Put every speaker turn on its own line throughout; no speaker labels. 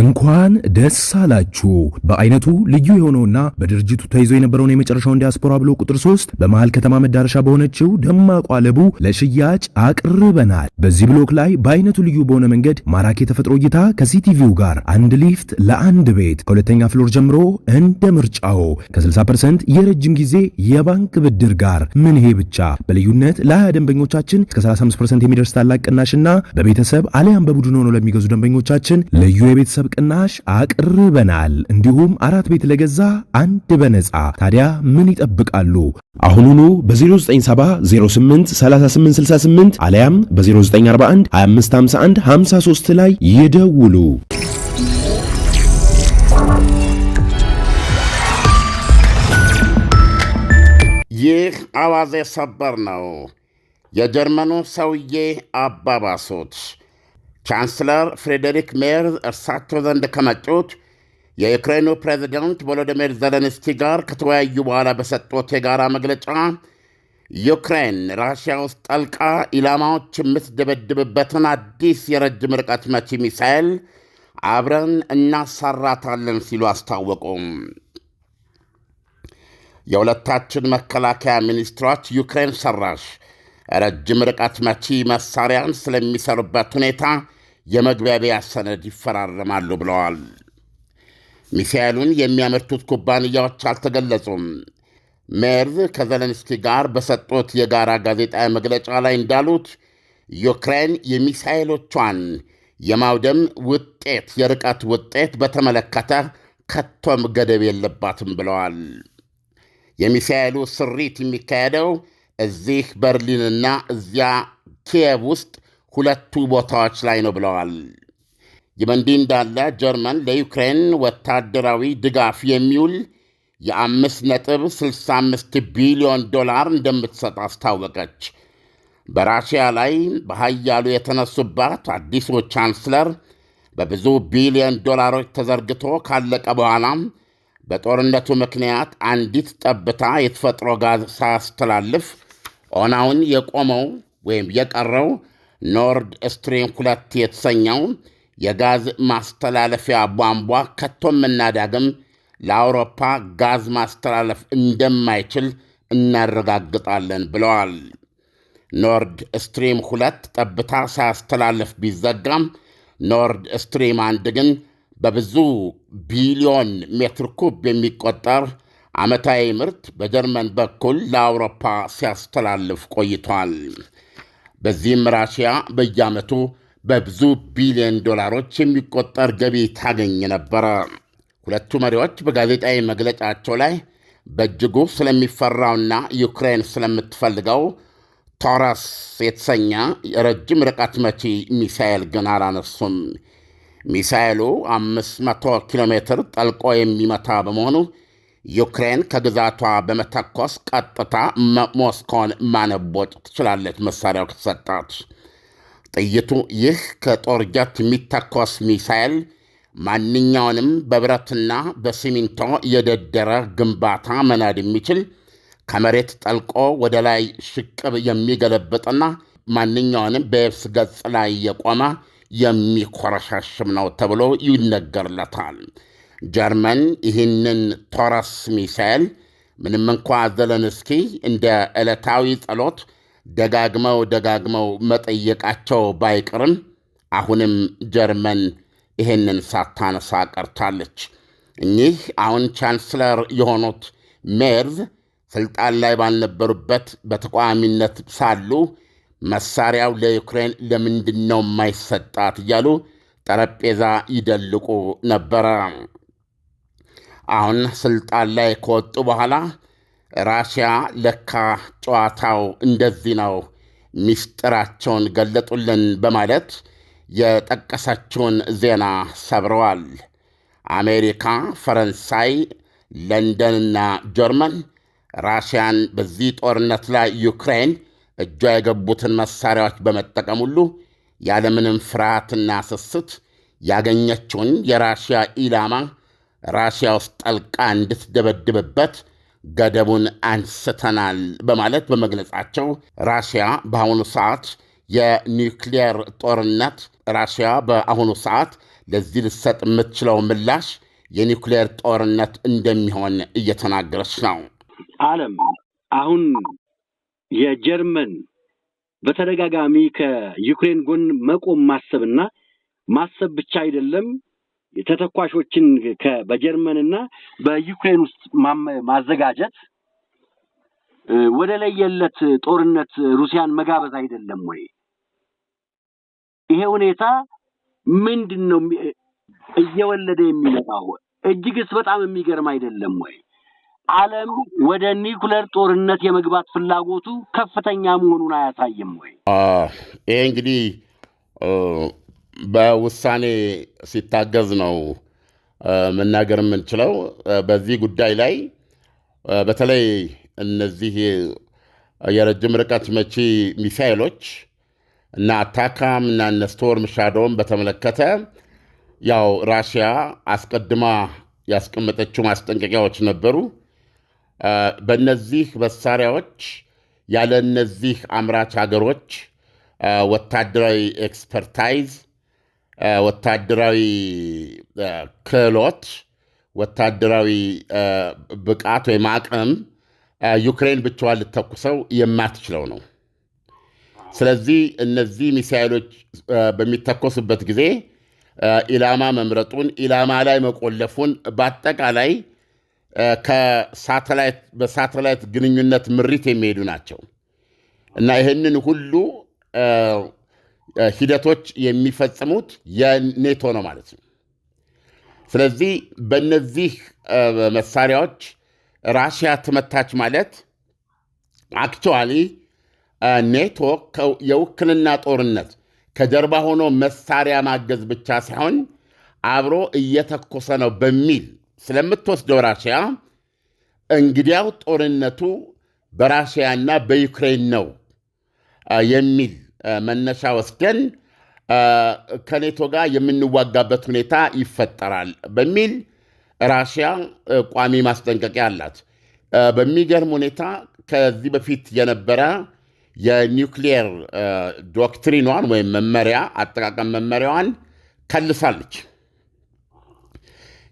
እንኳን ደስ አላችሁ። በአይነቱ ልዩ የሆነውና በድርጅቱ ተይዞ የነበረውን የመጨረሻውን ዲያስፖራ ብሎ ቁጥር 3 በመሃል ከተማ መዳረሻ በሆነችው ደማቁ አለቡ ለሽያጭ አቅርበናል። በዚህ ብሎክ ላይ በአይነቱ ልዩ በሆነ መንገድ ማራኪ የተፈጥሮ እይታ ከሲቲቪው ጋር አንድ ሊፍት ለአንድ ቤት ከሁለተኛ ፍሎር ጀምሮ እንደ ምርጫው ከ60% የረጅም ጊዜ የባንክ ብድር ጋር ምን ይሄ ብቻ በልዩነት ለ ደንበኞቻችን እስከ 35% የሚደርስ ታላቅ ቅናሽና በቤተሰብ አሊያም በቡድን ሆኖ ለሚገዙ ደንበኞቻችን ልዩ የቤተሰብ የገንዘብ ቅናሽ አቅርበናል። እንዲሁም አራት ቤት ለገዛ አንድ በነፃ። ታዲያ ምን ይጠብቃሉ? አሁኑኑ በ0970083868 አለያም በ0941 2551 53 ላይ ይደውሉ።
ይህ አዋዜ ሰበር ነው። የጀርመኑ ሰውዬ አባባሶች ቻንስለር ፍሬደሪክ ሜርዝ እርሳቸው ዘንድ ከመጡት የዩክሬኑ ፕሬዚደንት ቮሎዲሚር ዘለንስኪ ጋር ከተወያዩ በኋላ በሰጡት የጋራ መግለጫ ዩክሬን ራሽያ ውስጥ ጠልቃ ኢላማዎች የምትደበድብበትን አዲስ የረጅም ርቀት መቺ ሚሳኤል አብረን እናሰራታለን ሲሉ አስታወቁ። የሁለታችን መከላከያ ሚኒስትሮች ዩክሬን ሰራሽ ረጅም ርቀት መቺ መሳሪያን ስለሚሰሩበት ሁኔታ የመግባቢያ ሰነድ ይፈራረማሉ ብለዋል። ሚሳኤሉን የሚያመርቱት ኩባንያዎች አልተገለጹም። ሜርቭ ከዘለንስኪ ጋር በሰጡት የጋራ ጋዜጣዊ መግለጫ ላይ እንዳሉት ዩክሬን የሚሳኤሎቿን የማውደም ውጤት የርቀት ውጤት በተመለከተ ከቶም ገደብ የለባትም ብለዋል። የሚሳኤሉ ስሪት የሚካሄደው እዚህ በርሊንና እዚያ ኪየቭ ውስጥ ሁለቱ ቦታዎች ላይ ነው ብለዋል። ይህ በእንዲህ እንዳለ ጀርመን ለዩክሬን ወታደራዊ ድጋፍ የሚውል የ5.65 ቢሊዮን ዶላር እንደምትሰጥ አስታወቀች። በራሽያ ላይ በኃያሉ የተነሱባት አዲሱ ቻንስለር በብዙ ቢሊዮን ዶላሮች ተዘርግቶ ካለቀ በኋላ በጦርነቱ ምክንያት አንዲት ጠብታ የተፈጥሮ ጋዝ ሳያስተላልፍ ኦናውን የቆመው ወይም የቀረው ኖርድ ስትሪም ሁለት የተሰኘው የጋዝ ማስተላለፊያ ቧንቧ ከቶም እና ዳግም ለአውሮፓ ጋዝ ማስተላለፍ እንደማይችል እናረጋግጣለን ብለዋል። ኖርድ ስትሪም ሁለት ጠብታ ሳያስተላለፍ ቢዘጋም ኖርድ ስትሪም አንድ ግን በብዙ ቢሊዮን ሜትር ኩብ የሚቆጠር ዓመታዊ ምርት በጀርመን በኩል ለአውሮፓ ሲያስተላልፍ ቆይቷል። በዚህም ራሽያ በየዓመቱ በብዙ ቢሊዮን ዶላሮች የሚቆጠር ገቢ ታገኝ ነበረ። ሁለቱ መሪዎች በጋዜጣዊ መግለጫቸው ላይ በእጅጉ ስለሚፈራውና ዩክሬን ስለምትፈልገው ቶረስ የተሰኘ ረጅም ርቀት መቺ ሚሳኤል ግን አላነሱም። ሚሳኤሉ 500 ኪሎ ሜትር ጠልቆ የሚመታ በመሆኑ ዩክሬን ከግዛቷ በመተኮስ ቀጥታ ሞስኮን ማነቦጭ ትችላለች፣ መሳሪያው ከተሰጣት። ጥይቱ ይህ ከጦር ጀት የሚተኮስ ሚሳኤል ማንኛውንም በብረትና በሲሚንቶ የደደረ ግንባታ መናድ የሚችል ከመሬት ጠልቆ ወደ ላይ ሽቅብ የሚገለብጥና ማንኛውንም በየብስ ገጽ ላይ የቆመ የሚኮረሻሽም ነው ተብሎ ይነገርለታል። ጀርመን ይህንን ቶረስ ሚሳኤል ምንም እንኳ ዘለንስኪ እንደ ዕለታዊ ጸሎት ደጋግመው ደጋግመው መጠየቃቸው ባይቀርም አሁንም ጀርመን ይህንን ሳታነሳ ቀርታለች። እኚህ አሁን ቻንስለር የሆኑት ሜርዝ ስልጣን ላይ ባልነበሩበት በተቃዋሚነት ሳሉ መሳሪያው ለዩክሬን ለምንድን ነው የማይሰጣት እያሉ ጠረጴዛ ይደልቁ ነበረ። አሁን ስልጣን ላይ ከወጡ በኋላ ራሽያ ለካ ጨዋታው እንደዚህ ነው፣ ምስጢራቸውን ገለጡልን በማለት የጠቀሳችውን ዜና ሰብረዋል። አሜሪካ፣ ፈረንሳይ፣ ለንደንና ጀርመን ራሽያን በዚህ ጦርነት ላይ ዩክሬን እጇ የገቡትን መሳሪያዎች በመጠቀም ሁሉ ያለምንም ፍርሃትና ስስት ያገኘችውን የራሽያ ኢላማ ራሽያ ውስጥ ጠልቃ እንድትደበድብበት ገደቡን አንስተናል በማለት በመግለጻቸው ራሽያ በአሁኑ ሰዓት የኒውክሊየር ጦርነት ራሽያ በአሁኑ ሰዓት ለዚህ ልሰጥ የምትችለው ምላሽ የኒውክሊየር ጦርነት እንደሚሆን እየተናገረች ነው።
ዓለም አሁን የጀርመን በተደጋጋሚ ከዩክሬን ጎን መቆም ማሰብና ማሰብ ብቻ አይደለም ተተኳሾችን በጀርመን እና በዩክሬን ውስጥ ማዘጋጀት ወደ ለየለት ጦርነት ሩሲያን መጋበዝ አይደለም ወይ? ይሄ ሁኔታ ምንድን ነው እየወለደ የሚመጣው? እጅግስ በጣም የሚገርም አይደለም ወይ? ዓለም ወደ ኒውክለር ጦርነት የመግባት ፍላጎቱ ከፍተኛ መሆኑን አያሳይም ወይ?
ይሄ እንግዲህ በውሳኔ ሲታገዝ ነው መናገር የምንችለው። በዚህ ጉዳይ ላይ በተለይ እነዚህ የረጅም ርቀት መቺ ሚሳይሎች እና አታካም እና እነ ስቶርም ሻዶውን በተመለከተ ያው ራሽያ አስቀድማ ያስቀመጠችው ማስጠንቀቂያዎች ነበሩ። በእነዚህ መሳሪያዎች ያለ እነዚህ አምራች ሀገሮች ወታደራዊ ኤክስፐርታይዝ ወታደራዊ ክህሎት፣ ወታደራዊ ብቃት ወይም አቅም ዩክሬን ብቻዋን ልተኩሰው የማትችለው ነው። ስለዚህ እነዚህ ሚሳይሎች በሚተኮሱበት ጊዜ ኢላማ መምረጡን፣ ኢላማ ላይ መቆለፉን በአጠቃላይ በሳተላይት ግንኙነት ምሪት የሚሄዱ ናቸው እና ይህንን ሁሉ ሂደቶች የሚፈጽሙት የኔቶ ነው ማለት ነው። ስለዚህ በእነዚህ መሳሪያዎች ራሽያ ትመታች ማለት አክቹዋሊ ኔቶ የውክልና ጦርነት ከጀርባ ሆኖ መሳሪያ ማገዝ ብቻ ሳይሆን አብሮ እየተኮሰ ነው በሚል ስለምትወስደው ራሽያ እንግዲያው ጦርነቱ በራሽያና በዩክሬን ነው የሚል መነሻ ወስደን ከኔቶ ጋር የምንዋጋበት ሁኔታ ይፈጠራል በሚል ራሽያ ቋሚ ማስጠንቀቂያ አላት። በሚገርም ሁኔታ ከዚህ በፊት የነበረ የኒውክሊየር ዶክትሪኗን ወይም መመሪያ አጠቃቀም መመሪያዋን ከልሳለች።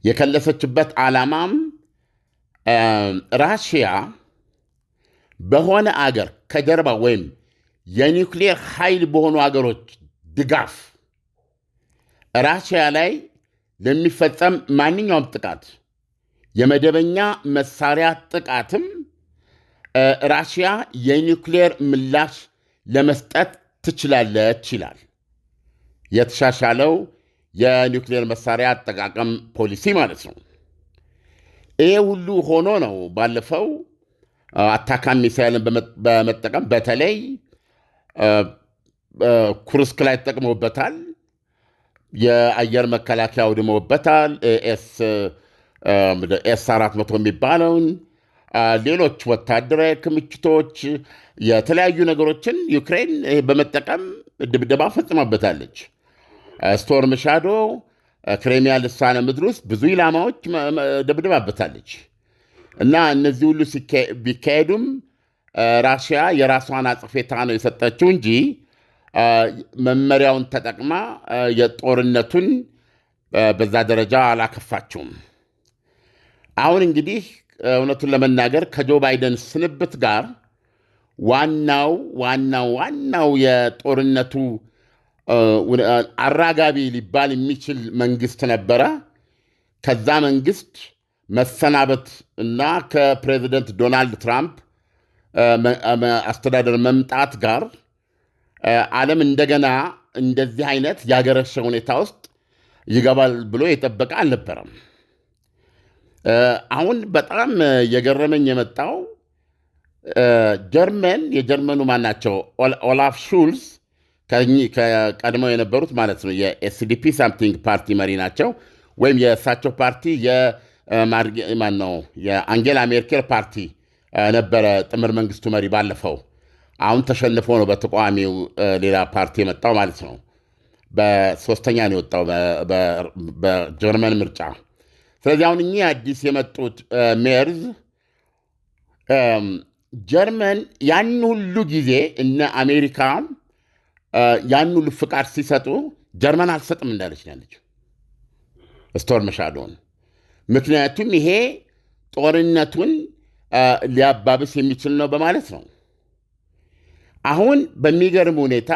የከለሰችበት ዓላማም ራሽያ በሆነ አገር ከጀርባ ወይም የኒውክሌር ኃይል በሆኑ አገሮች ድጋፍ ራሽያ ላይ ለሚፈጸም ማንኛውም ጥቃት የመደበኛ መሳሪያ ጥቃትም ራሽያ የኒውክሌር ምላሽ ለመስጠት ትችላለች ይላል የተሻሻለው የኒውክሌር መሳሪያ አጠቃቀም ፖሊሲ ማለት ነው። ይሄ ሁሉ ሆኖ ነው ባለፈው አታካሚ ሚሳይልን በመጠቀም በተለይ ኩርስክ ላይ ተጠቅመውበታል። የአየር መከላከያ አውድመውበታል። ኤስ አራት የሚባለውን ሌሎች ወታደራዊ ክምችቶች፣ የተለያዩ ነገሮችን ዩክሬን በመጠቀም ድብደባ ፈጽማበታለች። ስቶርም ሻዶ ክሬሚያ ልሳነ ምድር ውስጥ ብዙ ኢላማዎች ደብድባበታለች እና እነዚህ ሁሉ ቢካሄዱም ራሽያ የራሷን አጽፌታ ነው የሰጠችው እንጂ መመሪያውን ተጠቅማ የጦርነቱን በዛ ደረጃ አላከፋችውም። አሁን እንግዲህ እውነቱን ለመናገር ከጆ ባይደን ስንብት ጋር ዋናው ዋናው ዋናው የጦርነቱ አራጋቢ ሊባል የሚችል መንግስት ነበረ። ከዛ መንግስት መሰናበት እና ከፕሬዚደንት ዶናልድ ትራምፕ አስተዳደር መምጣት ጋር ዓለም እንደገና እንደዚህ አይነት ያገረሸ ሁኔታ ውስጥ ይገባል ብሎ የጠበቀ አልነበረም። አሁን በጣም የገረመኝ የመጣው ጀርመን የጀርመኑ ማናቸው ኦላፍ ሹልስ ከቀድሞ የነበሩት ማለት ነው የኤስዲፒ ሳምቲንግ ፓርቲ መሪ ናቸው። ወይም የእሳቸው ፓርቲ የማን ነው የአንጌላ ሜርኬል ፓርቲ ነበረ ጥምር መንግስቱ መሪ ባለፈው አሁን ተሸንፎ ነው በተቃዋሚው ሌላ ፓርቲ የመጣው ማለት ነው። በሶስተኛ ነው የወጣው በጀርመን ምርጫ። ስለዚህ አሁን እኚህ አዲስ የመጡት ሜርዝ ጀርመን ያን ሁሉ ጊዜ እነ አሜሪካ ያን ሁሉ ፍቃድ ሲሰጡ ጀርመን አልሰጥም እንዳለች ያለች ስቶር ሻዶውን ምክንያቱም ይሄ ጦርነቱን ሊያባብስ የሚችል ነው በማለት ነው። አሁን በሚገርም ሁኔታ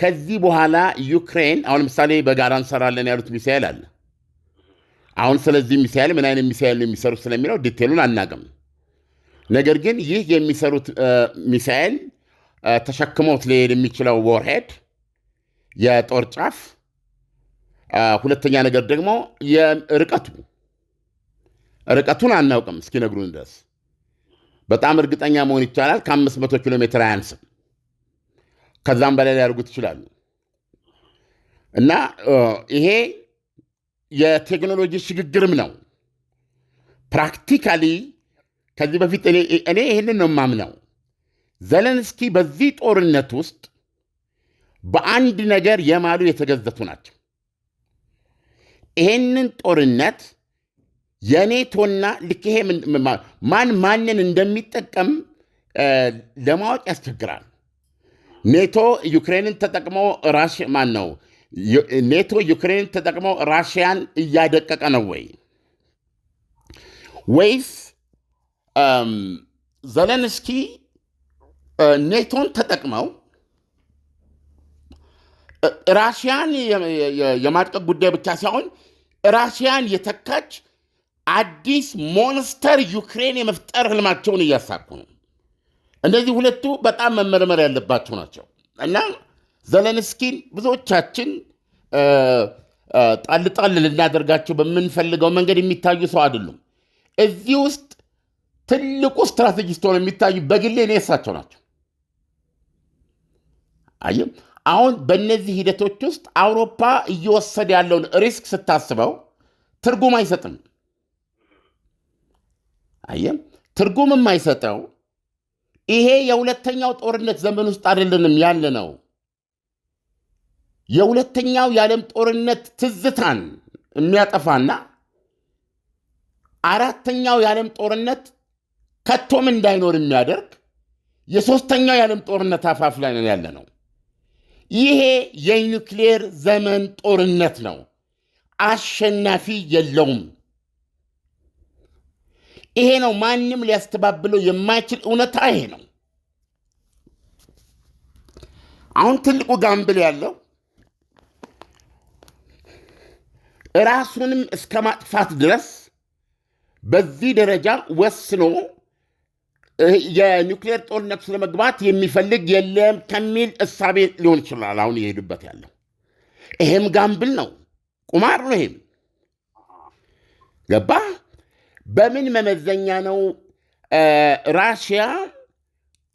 ከዚህ በኋላ ዩክሬን አሁን ለምሳሌ በጋራ እንሰራለን ያሉት ሚሳኤል አለ። አሁን ስለዚህ ሚሳኤል ምን አይነት ሚሳኤል ነው የሚሰሩት ስለሚለው ዲቴሉን አናቅም። ነገር ግን ይህ የሚሰሩት ሚሳኤል ተሸክሞት ሊሄድ የሚችለው ወርሄድ የጦር ጫፍ፣ ሁለተኛ ነገር ደግሞ ርቀቱ ርቀቱን አናውቅም እስኪነግሩን ድረስ በጣም እርግጠኛ መሆን ይቻላል ከ500 ኪሎ ሜትር አያንስም። ከዛም በላይ ሊያደርጉት ይችላሉ። እና ይሄ የቴክኖሎጂ ሽግግርም ነው። ፕራክቲካሊ ከዚህ በፊት እኔ ይህንን ነው የማምነው። ዘለንስኪ በዚህ ጦርነት ውስጥ በአንድ ነገር የማሉ የተገዘቱ ናቸው። ይህንን ጦርነት የኔቶና ልክ ማን ማንን እንደሚጠቀም ለማወቅ ያስቸግራል። ኔቶ ዩክሬንን ተጠቅሞ ማን ነው ኔቶ ዩክሬንን ተጠቅሞ ራሽያን እያደቀቀ ነው ወይ ወይስ ዘለንስኪ ኔቶን ተጠቅመው ራሽያን የማድቀቅ ጉዳይ ብቻ ሳይሆን ራሽያን የተካች አዲስ ሞንስተር ዩክሬን የመፍጠር ህልማቸውን እያሳኩ ነው። እነዚህ ሁለቱ በጣም መመርመር ያለባቸው ናቸው እና ዘለንስኪን ብዙዎቻችን ጣል ጣል ልናደርጋቸው በምንፈልገው መንገድ የሚታዩ ሰው አይደሉም። እዚህ ውስጥ ትልቁ ስትራቴጂስት ሆነው የሚታዩ በግሌ እኔ እሳቸው ናቸው። አይ አሁን በእነዚህ ሂደቶች ውስጥ አውሮፓ እየወሰደ ያለውን ሪስክ ስታስበው ትርጉም አይሰጥም። አየ ትርጉም የማይሰጠው ይሄ የሁለተኛው ጦርነት ዘመን ውስጥ አይደለንም ያለ ነው። የሁለተኛው የዓለም ጦርነት ትዝታን የሚያጠፋና አራተኛው የዓለም ጦርነት ከቶም እንዳይኖር የሚያደርግ የሶስተኛው የዓለም ጦርነት አፋፍ ላይ ያለ ነው። ይሄ የኒውክሌር ዘመን ጦርነት ነው። አሸናፊ የለውም። ይሄ ነው። ማንም ሊያስተባብለው የማይችል እውነታ ይሄ ነው። አሁን ትልቁ ጋምብል ያለው ራሱንም እስከ ማጥፋት ድረስ በዚህ ደረጃ ወስኖ የኒውክሌር ጦርነት ስለመግባት የሚፈልግ የለም ከሚል እሳቤ ሊሆን ይችላል አሁን የሄዱበት ያለው። ይሄም ጋምብል ነው፣ ቁማር ነው። ይሄም ገባ በምን መመዘኛ ነው ራሽያ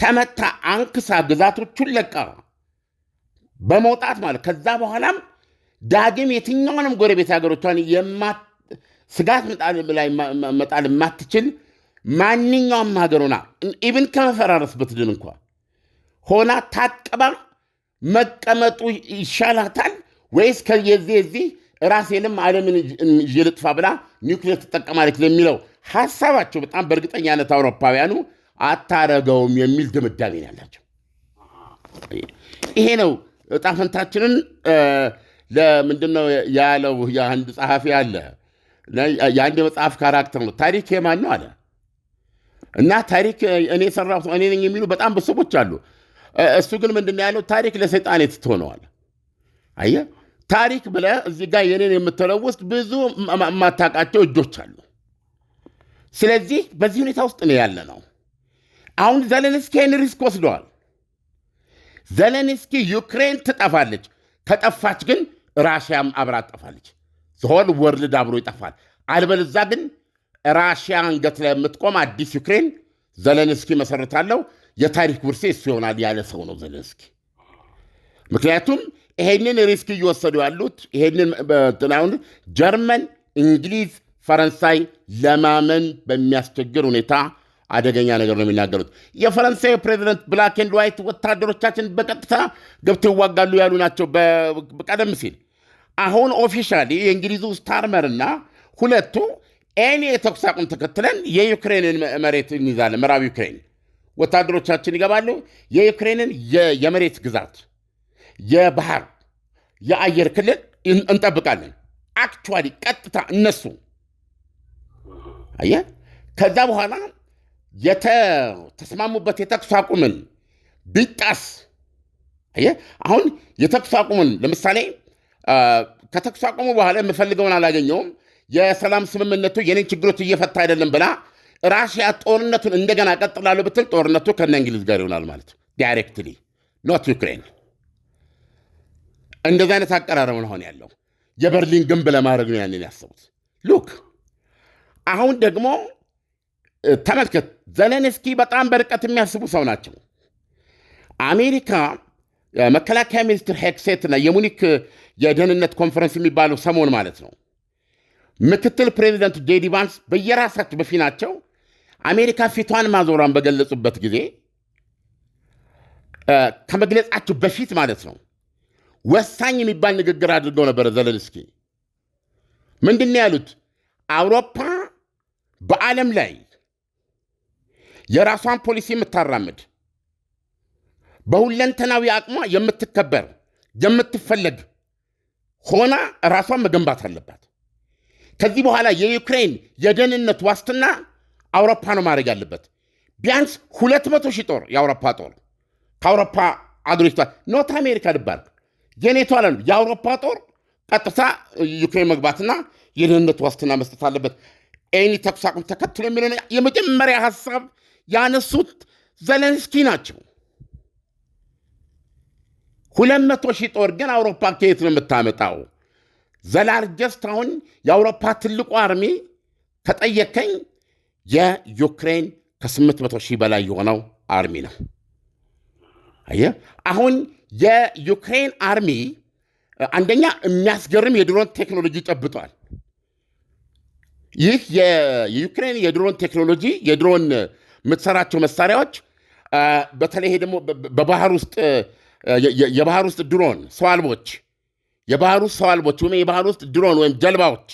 ተመታ አንክሳ ግዛቶቹን ለቃ በመውጣት ማለት ከዛ በኋላም ዳግም የትኛውንም ጎረቤት ሀገሮቿን ስጋት ላይ መጣል የማትችል ማንኛውም ሀገሩና ኢብን ከመፈራረስ ብትድን እንኳ ሆና ታቅባ መቀመጡ ይሻላታል ወይስ ከየዚህ የዚህ ራሴንም ዓለምን ይዤ ልጥፋ ብላ ኒውክሌር ትጠቀማለች ለሚለው ሀሳባቸው በጣም በእርግጠኛነት አውሮፓውያኑ አታረገውም የሚል ድምዳሜ ነው ያላቸው። ይሄ ነው እጣ ፈንታችንን ለምንድን ነው ያለው? የአንድ ጸሐፊ አለ የአንድ የመጽሐፍ ካራክተር ነው። ታሪክ የማን ነው አለ እና ታሪክ እኔ የሰራሁት እኔ ነኝ የሚሉ በጣም ብዙ ሰዎች አሉ። እሱ ግን ምንድን ነው ያለው? ታሪክ ለሰይጣን የትትሆነዋል አየህ ታሪክ ብለ እዚህ ጋር የኔን የምትለው ውስጥ ብዙ የማታውቃቸው እጆች አሉ። ስለዚህ በዚህ ሁኔታ ውስጥ ነው ያለ ነው። አሁን ዘለንስኪ ይህን ሪስክ ወስደዋል። ዘለንስኪ ዩክሬን ትጠፋለች፣ ከጠፋች ግን ራሽያም አብራ ትጠፋለች። ዘሆል ወርልድ አብሮ ይጠፋል። አልበለዛ ግን ራሽያ አንገት ላይ የምትቆም አዲስ ዩክሬን ዘለንስኪ መሰረታለው፣ የታሪክ ውርሴ እሱ ይሆናል ያለ ሰው ነው ዘለንስኪ። ምክንያቱም ይሄንን ሪስክ እየወሰዱ ያሉት ይሄንን ትናሁን ጀርመን፣ እንግሊዝ፣ ፈረንሳይ ለማመን በሚያስቸግር ሁኔታ አደገኛ ነገር ነው የሚናገሩት። የፈረንሳይ ፕሬዚደንት ብላክ ኤንድ ዋይት ወታደሮቻችን በቀጥታ ገብተው ይዋጋሉ ያሉ ናቸው ቀደም ሲል። አሁን ኦፊሻሊ የእንግሊዙ ስታርመርና ሁለቱ ኤኒ የተኩስ አቁም ተከትለን የዩክሬንን መሬት እንይዛለን፣ ምዕራብ ዩክሬን ወታደሮቻችን ይገባሉ የዩክሬንን የመሬት ግዛት የባህር የአየር ክልል እንጠብቃለን። አክቹዋሊ ቀጥታ እነሱ አየህ፣ ከዛ በኋላ የተስማሙበት የተኩስ አቁምን ቢጣስ አየህ፣ አሁን የተኩስ አቁምን ለምሳሌ ከተኩስ አቁሙ በኋላ የምፈልገውን አላገኘውም፣ የሰላም ስምምነቱ የኔን ችግሮች እየፈታ አይደለም ብላ ራሽያ ጦርነቱን እንደገና ቀጥላለሁ ብትል ጦርነቱ ከነ እንግሊዝ ጋር ይሆናል ማለት ዳይሬክትሊ ኖት ዩክሬን እንደዚህ አይነት አቀራረብ ነው ያለው። የበርሊን ግንብ ለማድረግ ነው ያንን ያሰቡት። ሉክ አሁን ደግሞ ተመልከት፣ ዘለንስኪ በጣም በርቀት የሚያስቡ ሰው ናቸው። አሜሪካ መከላከያ ሚኒስትር ሄክሴትና የሙኒክ የደህንነት ኮንፈረንስ የሚባለው ሰሞን ማለት ነው ምክትል ፕሬዚደንቱ ጄዲ ቫንስ በየራሳቸው በፊናቸው አሜሪካ ፊቷን ማዞሯን በገለጹበት ጊዜ ከመግለጻቸው በፊት ማለት ነው ወሳኝ የሚባል ንግግር አድርገው ነበረ ዘለንስኪ። ምንድን ያሉት? አውሮፓ በዓለም ላይ የራሷን ፖሊሲ የምታራምድ በሁለንተናዊ አቅሟ የምትከበር የምትፈለግ ሆና ራሷን መገንባት አለባት። ከዚህ በኋላ የዩክሬን የደህንነት ዋስትና አውሮፓ ነው ማድረግ ያለበት። ቢያንስ ሁለት መቶ ሺህ ጦር የአውሮፓ ጦር ከአውሮፓ አገሮች ኖት አሜሪካ ልባርክ የኔቶ አለም የአውሮፓ ጦር ቀጥታ ዩክሬን መግባትና የደህንነት ዋስትና መስጠት አለበት። ኤኒ ተኩስ አቁም ተከትሎ የሚለ የመጀመሪያ ሀሳብ ያነሱት ዘለንስኪ ናቸው። ሁለት መቶ ሺህ ጦር ግን አውሮፓ ከየት ነው የምታመጣው? ዘላርጀስት አሁን የአውሮፓ ትልቁ አርሚ ከጠየከኝ የዩክሬን ከ800 ሺህ በላይ የሆነው አርሚ ነው። አየህ አሁን የዩክሬን አርሚ አንደኛ የሚያስገርም የድሮን ቴክኖሎጂ ጨብጧል። ይህ የዩክሬን የድሮን ቴክኖሎጂ የድሮን የምትሰራቸው መሳሪያዎች በተለይ ደግሞ በባህር ውስጥ የባህር ውስጥ ድሮን ሰው አልቦች የባህር ውስጥ ሰው አልቦች ወይም የባህር ውስጥ ድሮን ወይም ጀልባዎች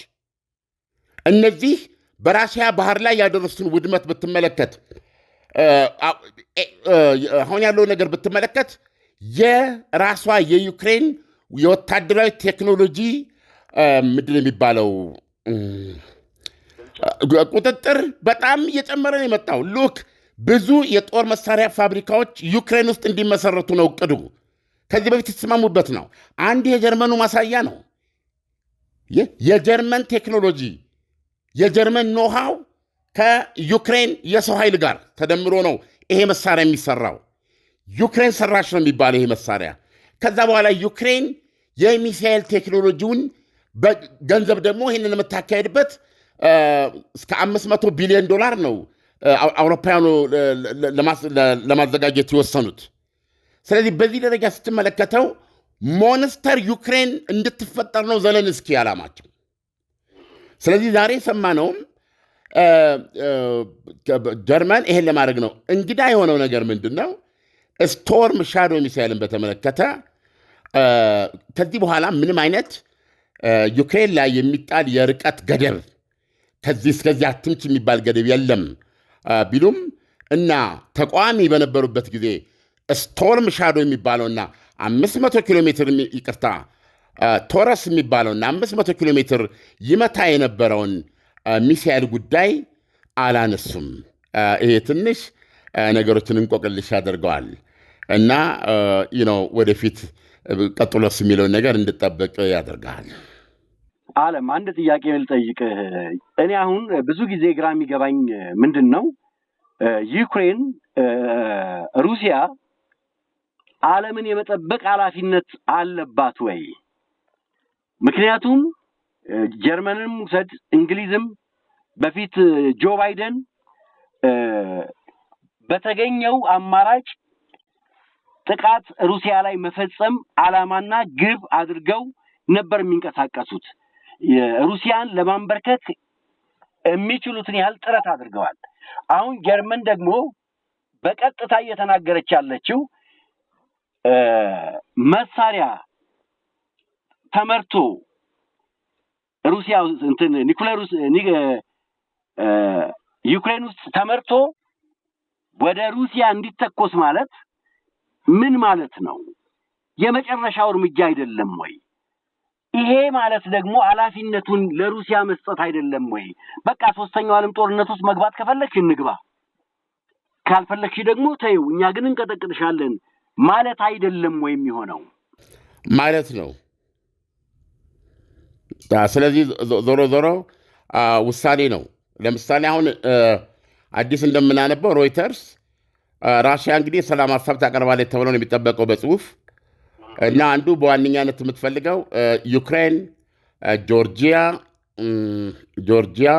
እነዚህ በራሽያ ባህር ላይ ያደረሱትን ውድመት ብትመለከት አሁን ያለው ነገር ብትመለከት የራሷ የዩክሬን የወታደራዊ ቴክኖሎጂ ምንድን የሚባለው ቁጥጥር በጣም እየጨመረ ነው የመጣው። ሉክ ብዙ የጦር መሳሪያ ፋብሪካዎች ዩክሬን ውስጥ እንዲመሰረቱ ነው እቅዱ። ከዚህ በፊት የተስማሙበት ነው። አንድ የጀርመኑ ማሳያ ነው። የጀርመን ቴክኖሎጂ የጀርመን ኖሃው ከዩክሬን የሰው ኃይል ጋር ተደምሮ ነው ይሄ መሳሪያ የሚሰራው። ዩክሬን ሰራሽ ነው የሚባለው ይሄ መሳሪያ። ከዛ በኋላ ዩክሬን የሚሳኤል ቴክኖሎጂውን ገንዘብ ደግሞ ይህንን የምታካሄድበት እስከ 500 ቢሊዮን ዶላር ነው አውሮፓውያኑ ለማዘጋጀት የወሰኑት። ስለዚህ በዚህ ደረጃ ስትመለከተው ሞንስተር ዩክሬን እንድትፈጠር ነው ዘለንስኪ አላማቸው። ስለዚህ ዛሬ የሰማነውም ጀርመን ይሄን ለማድረግ ነው። እንግዳ የሆነው ነገር ምንድን ነው? ስቶርም ሻዶ ሚሳይልን በተመለከተ ከዚህ በኋላ ምንም አይነት ዩክሬን ላይ የሚጣል የርቀት ገደብ ከዚህ እስከዚህ አትምች የሚባል ገደብ የለም ቢሉም እና ተቋሚ በነበሩበት ጊዜ ስቶርም ሻዶ የሚባለውና 500 ኪሎ ሜትር ይቅርታ ቶረስ የሚባለውና 500 ኪሎ ሜትር ይመታ የነበረውን ሚሳኤል ጉዳይ አላነሱም። ይሄ ትንሽ ነገሮችን እንቆቅልሽ ያደርገዋል። እና ነው ወደፊት ቀጥሎ የሚለውን ነገር እንድጠበቅ ያደርግሃል።
አለም አንድ ጥያቄ ልጠይቅህ። እኔ አሁን ብዙ ጊዜ ግራ የሚገባኝ ምንድን ነው ዩክሬን ሩሲያ ዓለምን የመጠበቅ ኃላፊነት አለባት ወይ? ምክንያቱም ጀርመንም ውሰድ እንግሊዝም በፊት ጆ ባይደን በተገኘው አማራጭ ጥቃት ሩሲያ ላይ መፈጸም አላማና ግብ አድርገው ነበር የሚንቀሳቀሱት። ሩሲያን ለማንበርከክ የሚችሉትን ያህል ጥረት አድርገዋል። አሁን ጀርመን ደግሞ በቀጥታ እየተናገረች ያለችው መሳሪያ ተመርቶ ሩሲያ እንትን ኒኩሌር ዩክሬን ውስጥ ተመርቶ ወደ ሩሲያ እንዲተኮስ ማለት ምን ማለት ነው? የመጨረሻው እርምጃ አይደለም ወይ? ይሄ ማለት ደግሞ ኃላፊነቱን ለሩሲያ መስጠት አይደለም ወይ? በቃ ሶስተኛው ዓለም ጦርነት ውስጥ መግባት ከፈለግሽ እንግባ፣ ካልፈለግሽ ደግሞ ተይው፣ እኛ ግን እንቀጠቅጥሻለን ማለት አይደለም ወይ የሚሆነው
ማለት ነው። ስለዚህ ዞሮ ዞሮ ውሳኔ ነው። ለምሳሌ አሁን አዲስ እንደምናነበው ሮይተርስ ራሽያ እንግዲህ የሰላም ሀሳብ ታቀርባለች ተብሎ ነው የሚጠበቀው በጽሁፍ እና አንዱ በዋነኛነት የምትፈልገው ዩክሬን፣ ጆርጂያ ጆርጂያ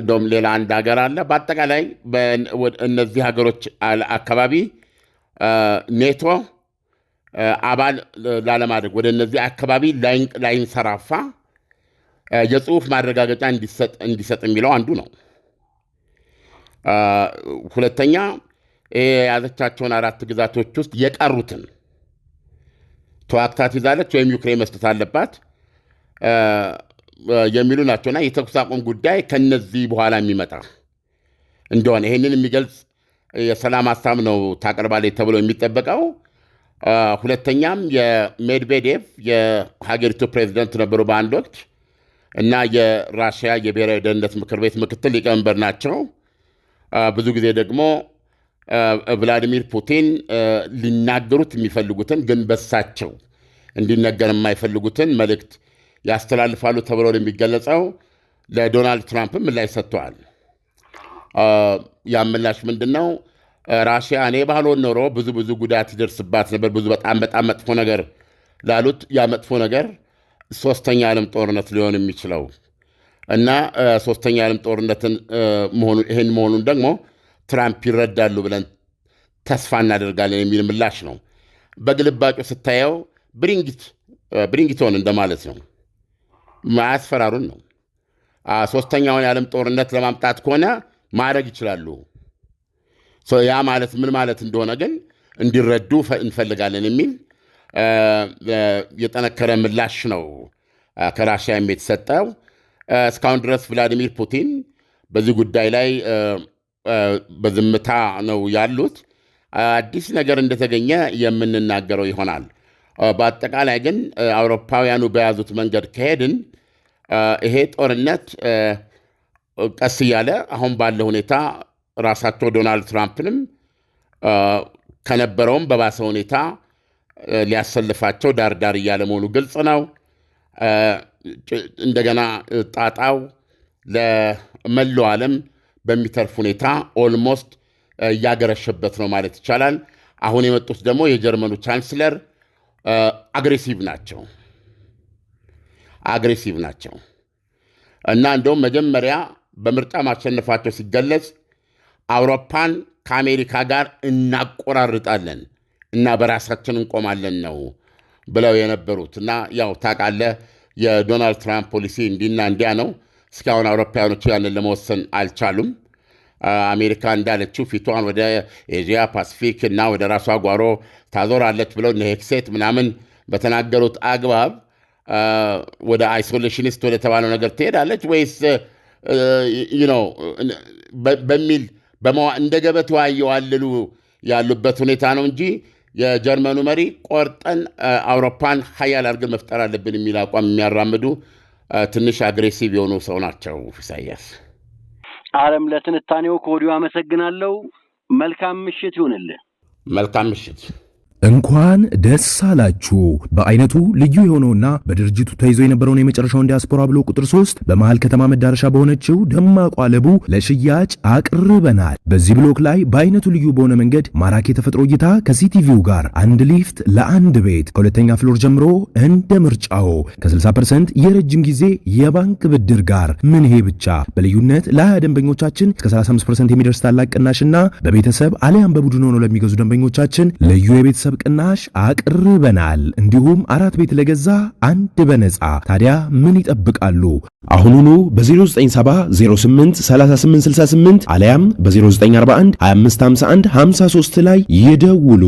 እንደውም ሌላ አንድ ሀገር አለ። በአጠቃላይ እነዚህ ሀገሮች አካባቢ ኔቶ አባል ላለማድረግ ወደ እነዚህ አካባቢ ላይንሰራፋ የጽሁፍ ማረጋገጫ እንዲሰጥ የሚለው አንዱ ነው። ሁለተኛ የያዘቻቸውን አራት ግዛቶች ውስጥ የቀሩትን ተዋክታት ትይዛለች ወይም ዩክሬን መስጠት አለባት የሚሉ ናቸውና የተኩስ አቁም ጉዳይ ከነዚህ በኋላ የሚመጣ እንደሆነ ይህንን የሚገልጽ የሰላም ሀሳብ ነው ታቀርባለች ተብሎ የሚጠበቀው። ሁለተኛም የሜድቬዴቭ የሀገሪቱ ፕሬዚደንት ነበሩ በአንድ ወቅት እና የራሽያ የብሔራዊ ደህንነት ምክር ቤት ምክትል ሊቀመንበር ናቸው። ብዙ ጊዜ ደግሞ ቭላዲሚር ፑቲን ሊናገሩት የሚፈልጉትን ግን በሳቸው እንዲነገር የማይፈልጉትን መልእክት ያስተላልፋሉ ተብሎ የሚገለጸው ለዶናልድ ትራምፕ ምላሽ ሰጥተዋል። ያምላሽ ምላሽ ምንድን ነው? ራሽያ እኔ ባልሆን ኖሮ ብዙ ብዙ ጉዳት ይደርስባት ነበር፣ ብዙ በጣም በጣም መጥፎ ነገር ላሉት ያ መጥፎ ነገር ሶስተኛ ዓለም ጦርነት ሊሆን የሚችለው እና ሶስተኛ የዓለም ጦርነትን ይህን መሆኑን ደግሞ ትራምፕ ይረዳሉ ብለን ተስፋ እናደርጋለን የሚል ምላሽ ነው። በግልባጩ ስታየው ብሪንግቶን እንደማለት ነው። ማያስፈራሩን ነው። ሶስተኛውን የዓለም ጦርነት ለማምጣት ከሆነ ማድረግ ይችላሉ። ያ ማለት ምን ማለት እንደሆነ ግን እንዲረዱ እንፈልጋለን የሚል የጠነከረ ምላሽ ነው ከራሽያም የተሰጠው። እስካሁን ድረስ ቭላዲሚር ፑቲን በዚህ ጉዳይ ላይ በዝምታ ነው ያሉት። አዲስ ነገር እንደተገኘ የምንናገረው ይሆናል። በአጠቃላይ ግን አውሮፓውያኑ በያዙት መንገድ ከሄድን ይሄ ጦርነት ቀስ እያለ አሁን ባለ ሁኔታ ራሳቸው ዶናልድ ትራምፕንም ከነበረውም በባሰ ሁኔታ ሊያሰልፋቸው ዳርዳር እያለ መሆኑ ግልጽ ነው። እንደገና ጣጣው ለመላው ዓለም በሚተርፍ ሁኔታ ኦልሞስት እያገረሸበት ነው ማለት ይቻላል። አሁን የመጡት ደግሞ የጀርመኑ ቻንስለር አግሬሲቭ ናቸው አግሬሲቭ ናቸው እና እንደውም መጀመሪያ በምርጫ ማሸነፋቸው ሲገለጽ አውሮፓን ከአሜሪካ ጋር እናቆራርጣለን እና በራሳችን እንቆማለን ነው ብለው የነበሩት እና ያው ታውቃለህ የዶናልድ ትራምፕ ፖሊሲ እንዲና እንዲያ ነው። እስካሁን አውሮፓውያኖቹ ያንን ለመወሰን አልቻሉም። አሜሪካ እንዳለችው ፊቷን ወደ ኤዥያ ፓስፊክ እና ወደ ራሷ ጓሮ ታዞራለች ብለው እነ ሄክሴት ምናምን በተናገሩት አግባብ ወደ አይሶሌሽኒስት ወደ ተባለው ነገር ትሄዳለች ወይስ በሚል እንደ ገበት ዋየዋልሉ ያሉበት ሁኔታ ነው እንጂ የጀርመኑ መሪ ቆርጠን አውሮፓን ሀያል አድርገን መፍጠር አለብን የሚል አቋም የሚያራምዱ ትንሽ አግሬሲቭ የሆኑ ሰው ናቸው። ኢሳያስ
አለም፣ ለትንታኔው ከወዲሁ አመሰግናለሁ። መልካም ምሽት ይሁንልህ።
መልካም ምሽት
እንኳን ደስ አላችሁ። በአይነቱ ልዩ የሆነውና በድርጅቱ ተይዞ የነበረውን የመጨረሻውን ዲያስፖራ ብሎ ቁጥር 3 በመሃል ከተማ መዳረሻ በሆነችው ደማቋ ለቡ ለሽያጭ አቅርበናል። በዚህ ብሎክ ላይ በአይነቱ ልዩ በሆነ መንገድ ማራኪ የተፈጥሮ እይታ ከሲቲቪው ጋር አንድ ሊፍት ለአንድ ቤት ከሁለተኛ ፍሎር ጀምሮ እንደ ምርጫው ከ60% የረጅም ጊዜ የባንክ ብድር ጋር ምን ይሄ ብቻ በልዩነት ለሀያ ደንበኞቻችን እስከ 35% የሚደርስ ታላቅ ቅናሽና በቤተሰብ አለያም በቡድን ሆነው ለሚገዙ ደንበኞቻችን ልዩ የቤተሰብ የቤተሰብ ቅናሽ አቅርበናል። እንዲሁም አራት ቤት ለገዛ አንድ በነፃ። ታዲያ ምን ይጠብቃሉ? አሁኑኑ በ0970 አለያም በ0941 2551 53 ላይ ይደውሉ።